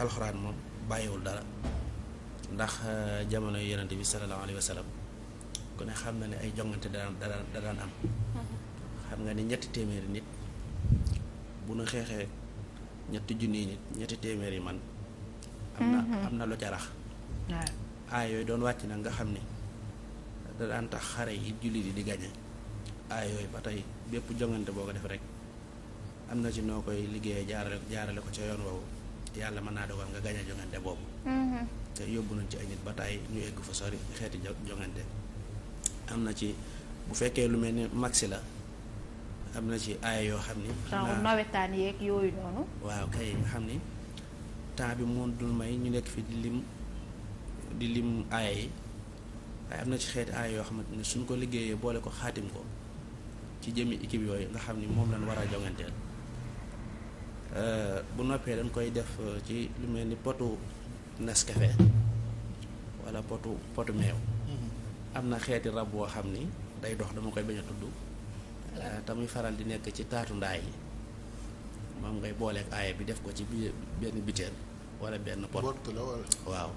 alxuraan moom bàyyiwul dara ndax euh, jamono yonente bi sallallahu alayhi wa ku ne xam na ne ay jongante daan da daan am mm-hmm. xam nga ne ñetti téeméeri nit bu nu xeexee ñetti junniy nit ñetti téeméeri man am na mm-hmm. am na lu jarax aay yooyu doon wàcc nag nga xam ne da daan tax xare yi jullit yi di gañe aay yooyu ba tey bépp jongante boo ko def rek am na ci noo koy liggéeyee jaarale jaarale ko ca yoon woowu yàlla mën naa dogal nga gañ a jongante boobu mm-hmm. te yóbbu nañ ci ay nit ba ñu egg fa sori xeeti jongante am na ci bu fekkee lu mel ni maxi la am na ci aaya yoo xam ni nawetaan ni temps bi moom dul may ñu nekk fi di lim di lim aaya yi waaye am na ci xeeti aaya yoo xamante ni suñ ko liggéeyee boole ko xaatim ko ci jëmi équipe yooyu nga xam ni moom lañ waral a jonganteel Euh, bu noppee dañ koy def euh, ci lu mel ni potu Nescafé walla potu potu meew. Mm-hmm. am na xeeti rab boo xam ni day dox dama koy bañ a tudd. Euh, te faral di nekk ci taatu ndaa yi moom ngay booleeg aaya bi def ko ci biir benn biteel wala benn pot. waaw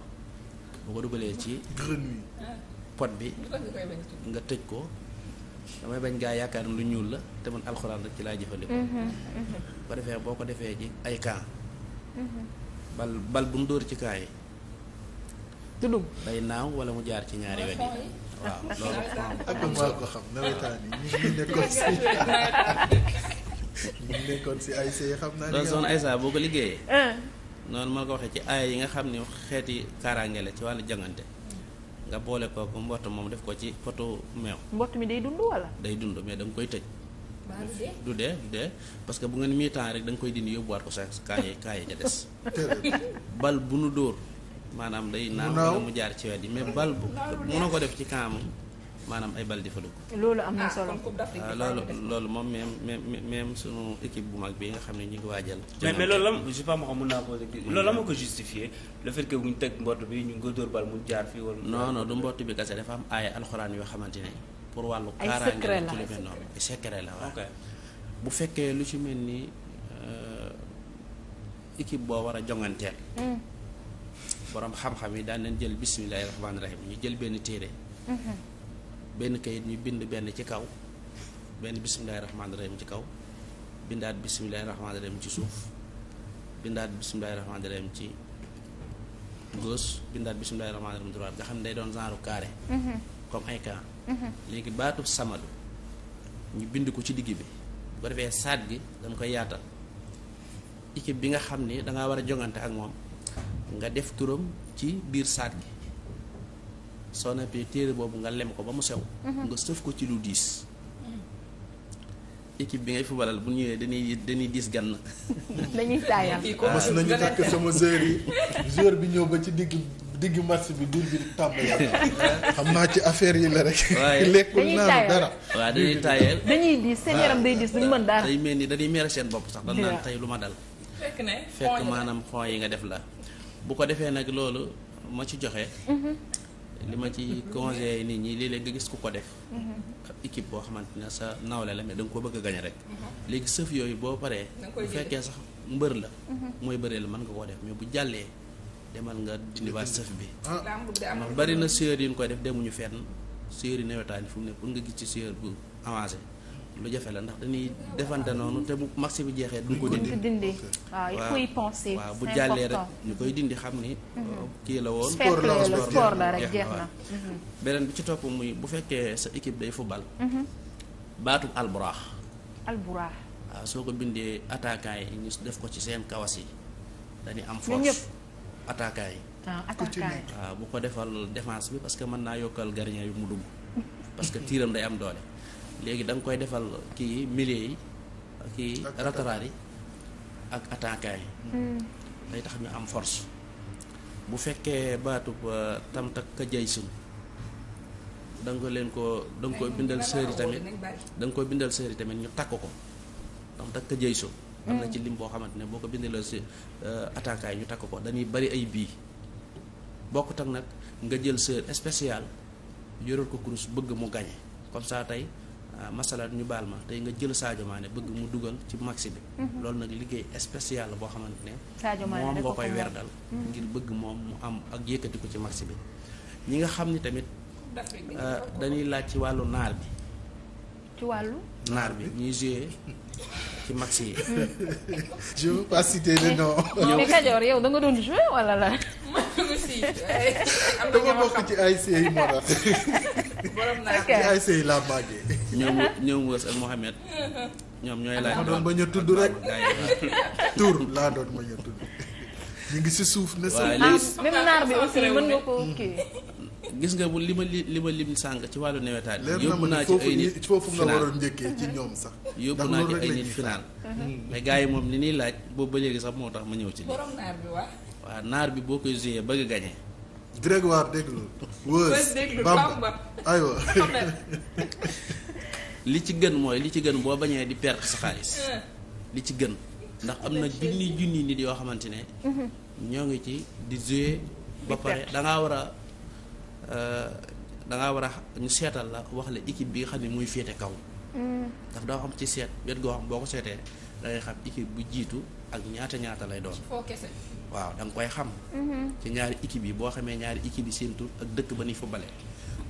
bu ko dugalee ci. pot bi nga tëj ko. damay bañ gaa yaakaar lu ñuul la te man alxuraan rek ci laa jëfandikoo. bu mhm, mhm. ko defee boo ko defee ci ay cas. Mhm. bal bal bu mu dóor ci cas yi. du dugg naaw wala mu jaar ci ñaari wet yi. waaw loolu ak maa ko xam nawetaan yi ñu nekkoon si ay see xam naa. loolu soxna boo ko liggéeyee. Ah. noonu ma ko waxee ci aaya yi nga xam ne xeeti kaaraange la ci wàllu jangante. nga boole ko ba mbott moom def ko ci poto meew. mbott mi day dund wala. day dund mais da koy tëj. du dee du dee parce que bu ngeen mi temps rek da nga koy dindi yóbbuwaat ko sa kaaye kaaye ja des. bal bu nu dóor maanaam day. naaw mu jaar ci wet yi mais bal bu. mënoo ko def ci kaamam. maanaam ay bal di fa dugg. loolu am na ah, solo euh, loolu loolu moom même même même sunu équipe bu mag bi nga xam ne ñu ngi waajal. mais mais loolu la je sais pas ma xam mën naa ko justifié le fait que bu ñu bi ñu ngi ko bal mu jaar fii wala. non non du mbott bi kese dafa am aaya alxuraan yoo xamante ne pour wàllu. ay secret la kaaraange ci lu mel noonu secret bu fekkee lu ci mel ni euh, boo war a jonganteel. Hmm. borom xam-xam yi daan leen jël bismillahi rahmaani rahim ñu jël benn téere. Hmm. benn kayit ñu bind benn ci kaw benn bisimilahi rahmaani rahim ci kaw bindaat bisimilahi rahmaani rahim ci suuf bindaat bisimilahi rahmaani rahim ci gauche bindaat bisimilahi rahmaani rahim droite nga xam ne day doon genre carré mhm. comme ay mhm. léegi baatu samadu ñu bind ko ci digg bi bu defee saat gi dama koy yaatal équipe bi nga xam ni danga war a jongante ak moom nga def turam ci biir saat gi soo nappee téere boobu nga lem ko ba mu sew. Mhm. nga sëf ko ci lu diis. équipe bi ngay fubalal bu ñëwee dañuy dañuy diis gan. dañuy taayal mas nañu takk sama joueur yi joueur bi ñëw ba ci digg digg match bi diir bi ci affaire yi la rek. lekkul naan dara. waaw dañuy taayal dañuy diis seen yaram day diis duñu mën dara. day mel ni dañuy mere seen bopp sax dañ naan tey lu ma dal. fekk ne fekk maanaam point yi nga def la bu ko defee nag loolu ma ci joxe. Mhm. li ma ci conseillé nit ñi léeg-léeg nga gis ku ko def ab mm-hmm. équipe boo xamante ne sa nawle la mais da nga ko bëgg a gañ rek mm-hmm. léegi sëf yooyu boo paree bu fekkee sax mbër la mm-hmm. mooy bëree la mën nga koo def mais bu jàllee demal nga dindiwaat sëf bi ndax ah. bari na séer yi ñu koy def demuñu fenn séer yi nawetaan yi fu mu ne pour nga gis ci séer bu avancé lu jafe la ndax dañuy defante noonu te bu marché bi jeexee duñ ko dindi waaw waaw bu jàllee rek ñu koy dindi xam ni mhm. kii la woon sport la rek jeex na mhm. beneen bi ci topp muy bu fekkee sa équipe day football mhm. baatu alburaax waaw soo ko bindee attaquant yi ñu def ko ci seen kawas yi dañuy am force attaquant ah, yi waaw bu ko defal défense bi parce que mën naa yokkal gardien yi mu dugg parce que tiiram day am doole léegi danga koy defal kii milliers yi kii rataraar yi ak attaquant hmm. day tax ñu am force bu fekkee baatub euh, tam takka jay sun da ko leen ko da nga koy bindal sër yi tamit koy bindal sër tamit ñu takk ko tam takka jay sun am na ci hmm. lim boo xamante ne boo ko bindalee si euh, attaquant ñu takk ko dañuy bari ay bii bokkut ak nag nga jël sër spécial yoral ko kurus bëgg mu gañe comme ça tey Ah, masalan ñu baal ma tey nga jël Sadio Mané bëgg mu dugal ci maxi bi. Mhm. loolu nag liggéey spécial la boo xamante ne. Sadio Mané moom nga koy werdal mhm. ngir bëgg moom mu am ak yëkkati ko ci maxi bi. ñi nga xam ni tamit ah, dañuy laaj ci wàllu naar bi. ci wàllu. naar bi ñuy joué ci maxi yi. je veux pas citer le nom. mais Kajoor yow da nga doon joué wala la. dama bokk ci ASC yi moo tax. borom naa ci ASC yi laa màggee. ñoom ñoom Wës ak Mohamed ñoom ñooy laaj. laa doon bañ tudd rek tur laa doon bañ tudd ñu ngi si suuf ne sa. naar bi aussi nga ko mm. kii. gis nga li ma li ma lim sànq ci wàllu nawetaan. yóbbu naa ci ay nit foofu nga waroon ci ñoom sax. yóbbu naa ci mhm. mm. yi moom li ñuy laaj boobu ba léegi sax moo tax ma ñëw ci lii. naar bi waa. naar bi boo koy joué bëgg a Grégoire déglu wëz Bamba aywa li ci gën mooy li ci gën boo bañee di perte sa xaalis li ci gën ndax am na junni junni nit yoo xamante ne mhm. ñoo ngi ci di jouer ba pare dangaa war a euh, dangaa war a ñu seetal la wax la équipe bi nga xam ne muy féete kaw mhm. daf daa xam ci seet wet goo xam boo ko seetee dangay xam équipe bu jiitu ak ñaata ñaata lay doon waaw da nga koy xam. Mm-hmm. ci ñaari équipe yi boo xamee ñaari équipe yi seen tur ak dëkk ba ni footballé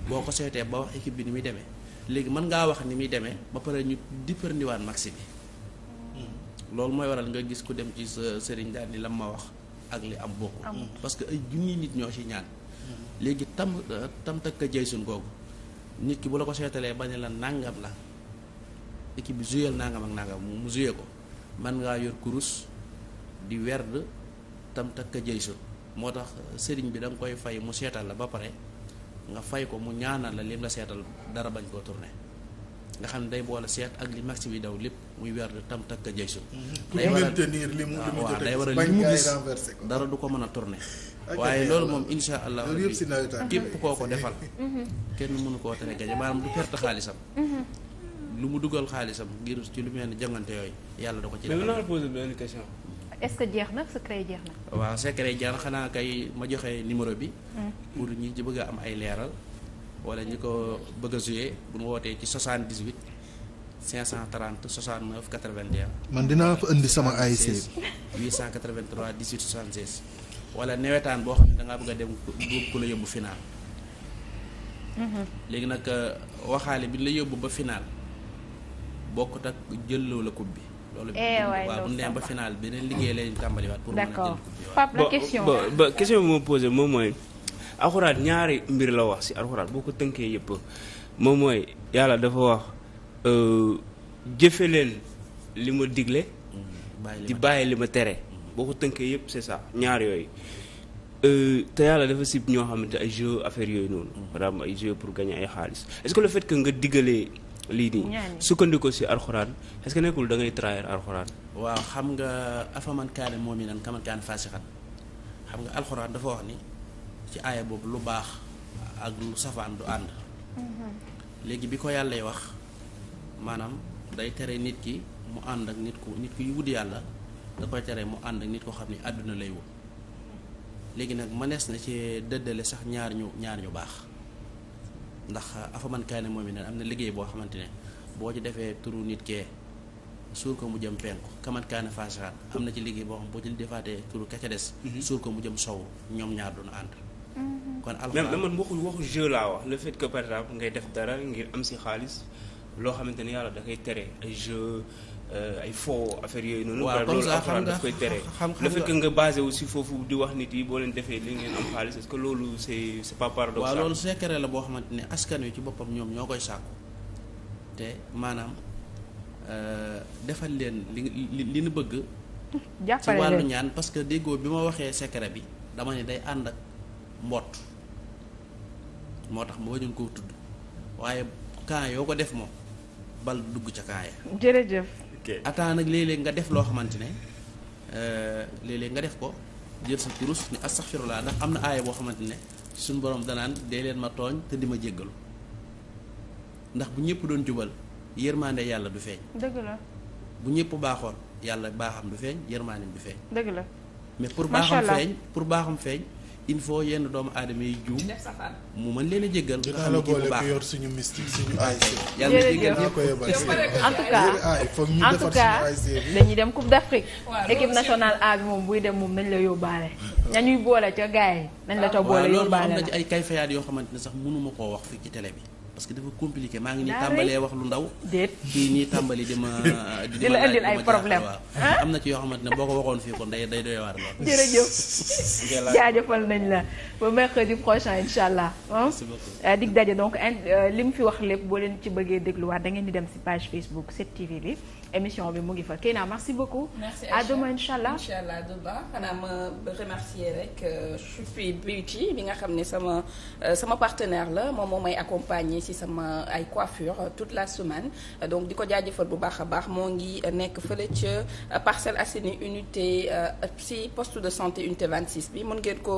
boo ko seetee ba wax équipe bi nu muy demee léegi mën ngaa wax ni muy demee ba pare ñu dippandiwaat maxi bi mm-hmm. loolu mooy waral nga gis ku dem ci sa sëriñ daal ni lam ma wax ak li am bokkul. Mm-hmm. parce que ay junni nit ñoo ci ñaan. léegi tam tam takk jëy suñ googu nit ki bu la ko seetalee ba ne la nangam la équipe bi joué nangam ak nangam mu joué ko mën ngaa yor kurus di werd tam takka jëy moo tax euh, sëriñ bi da koy fay mu seetal la ba pare nga fay ko mu ñaanal la lim la seetal dara bañ koo tourné nga xam ne day boole seet ak li max bi daw lépp muy weer tam takka jëy su mm-hmm. day war a day war a li mu gis dara du ko mën a tourné waaye loolu moom ko defal mm-hmm. kenn mënu koo tere gaje maanaam du perte xaalisam mm-hmm. lu mu dugal xaalisam ngir ci lu mel ni jangante yooyu yàlla da ko ci defal est-ce que jeex na secret waaw secret jeex na xanaa kay ma joxe numéro bi. Hmm. pour ñi ci bëgg am ay leeral. wala ñi ko bëgg a jouer bu ñu wootee ci 78 530 69 81. man dinaa ko indi sama ASC. 883 18 76. wala nawetaan boo xam ne da ngaa bëgg a dem ku la yóbbu final. Hmm. léegi nag euh, waxaale bi ñu la yóbbu ba final bokkut ak jëlloo la coupe bi. loolu eh, waaw bu ñu demee ba beneen liggéey lay tàmbaliwaat. pour mën a jël Pape la question ba ma posé moom mooy. alxuraan ñaari mbir la wax si alxuraan boo ko tënkee yëpp moom mooy yàlla dafa wax euh, jëfe leen li ma digle. Mm-hmm. di bàyyi li ma tere. Mm-hmm. boo ko tënkee yëpp c'est ça ñaar yooyu. Euh, te yàlla dafa sib ñoo xamante ay jeu affaire yooyu noonu. Mm-hmm. par exemple ay jeu pour gagner ay xaalis est-ce que le nga digalee. lii nii sukkandiku si alxuraan est-ce que nekkul da ngay trahir alxuraan. waaw xam nga afaman moom mu'minan kaman kaane faasixan xam nga alxuraan dafa wax ni ci aaya boobu lu baax ak lu safaan du ànd. Mm-hmm. léegi bi ko yàllay wax maanaam day tere nit ki mu ànd ak nit ku nit ku wut yàlla da koy tere mu ànd ak nit ko xam ni àdduna lay wut léegi nag mënees na ci dëddale sax ñaar ñu ñaar ñu baax. ndax afaman kaani moom it am na liggéey boo xamante ne boo ci defee turu nit ke suur ko mu jëm penku kaman kaane faasixaan am na ci liggéey boo xam boo ci defaatee turu ka ca des. Mhm. suur ko mu jëm sowu ñoom ñaar duñu ànd. Mhm. kon alxuraan même man waxu waxu jeu laa wax le fait que par exemple ngay def dara ngir am si xaalis. loo xamante ne yàlla da koy tere ay jeux euh, ay faux affaire yooyu noonu. waaw comme ça xam nga xam xam fekk nga basé wu si foofu di wax nit yi boo leen defee li ngeen am xaalis est-ce que loolu c'est c'est pas paradoxal. waaw la boo xamante ne askan wi ci boppam ñoom ñoo koy sàkku te maanaam euh, defal leen li li li nu bëgg. jàppale leen ci ñaan parce que déggoo bi ma waxee secret bi dama ne day ànd ak mboot moo tax ma wañun koo tudd waaye kan yoo ko def moom. bal dugg ca kaaya jërëjëf ataa nag léeg nga def loo xamante ne euh, léeg-léeg nga def ko jël sa kurus ni astaxfirullah ndax am na aaya boo xamante ne suñ boroom danaan dee leen ma tooñ te di ma jéggalu ndax bu ñëpp doon jubal yërmaande yàlla du feeñ dëgg la bu ñëpp baaxoon yàlla baaxam du feeñ yërmaandeem du feeñ dëgg la mais pour baaxam feeñ pour baaxam feeñ il faut yenn doomu aadama yi juum mu mën leen a jéggal nga xam ne kii bu baax yor suñu mystique suñu ASC yàlla jéggal ñëpp en tout cas en tout cas dañuy dem coupe d'Afrique équipe nationale A bi moom buy dem moom nañ la yóbbaale ñañuy hmm. boole ca gars yi nañ la ca boole yóbbaale loolu am na ci ay kayfayaat yoo xamante ne sax munuma koo wax fii ci tele bi parce que dafa compliqué maa ngi nii tàmbalee wax lu ndaw. déet kii nii tàmbali di ma. di la indil ay problème am na ci yoo xamante ne boo ko waxoon fii kon day day doy waar lool. jërëjëf jaajëfal nañ la ba mercredi prochain incha allah. merci beaucoup euh, dig daje donc euh, li mu fi wax lépp boo leen ci bëggee dégluwaat da ngeen di dem si page Facebook 7TV bi émission bi mu ngi fa Keina merci beaucoup. merci à demain incha allah incha allah Duba xanaa ma remercier rek Choupi euh, Beauty bi nga xam ne sama sa partenaire la moom moo may accompagner. ci sama ay coiffure euh, toute la semaine euh, donc di ko jaajëfal bu baax a baax moo ngi euh, nekk fële ca Parcelles Assainies unité si poste de santé unité 26 bi mën ngeen ko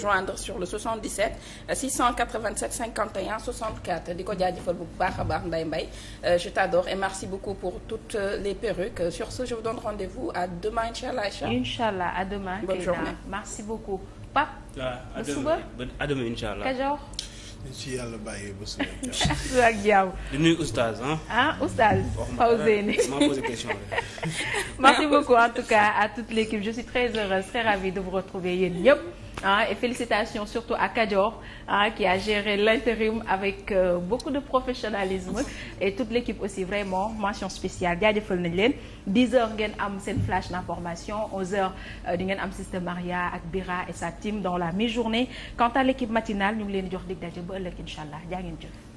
joindre sur le 77 687 51 64 di ko jaajëfal bu baax a baax Ndeye Mbaye je t'adore et merci beaucoup pour toutes les perruques sur ce je vous donne rendez-vous à demain inchallah inchallah à demain bonne journée merci beaucoup Pape ba suba ba demain inchallah Kajoor ci yàlla bàyyi ba suba ak jàmm. di nuyu oustaz ah. ah tout cas à toute l'équipe je suis très heureuse très ravie de vous retrouver yéen ah et félicitations surtout à Kadior ah qui a géré l'intérim avec euh, beaucoup de professionnalisme et toute l'équipe aussi vraiment mention spéciale jaajëfal nañ leen 10 heures ngeen am seen flash d'information 11 heures euh, di ngeen am Sister Maria ak Bira et sa team dans la mi-journée quant à l'équipe matinale ñu ngi leen di jox dig daje ba ëllëg incha allah jaa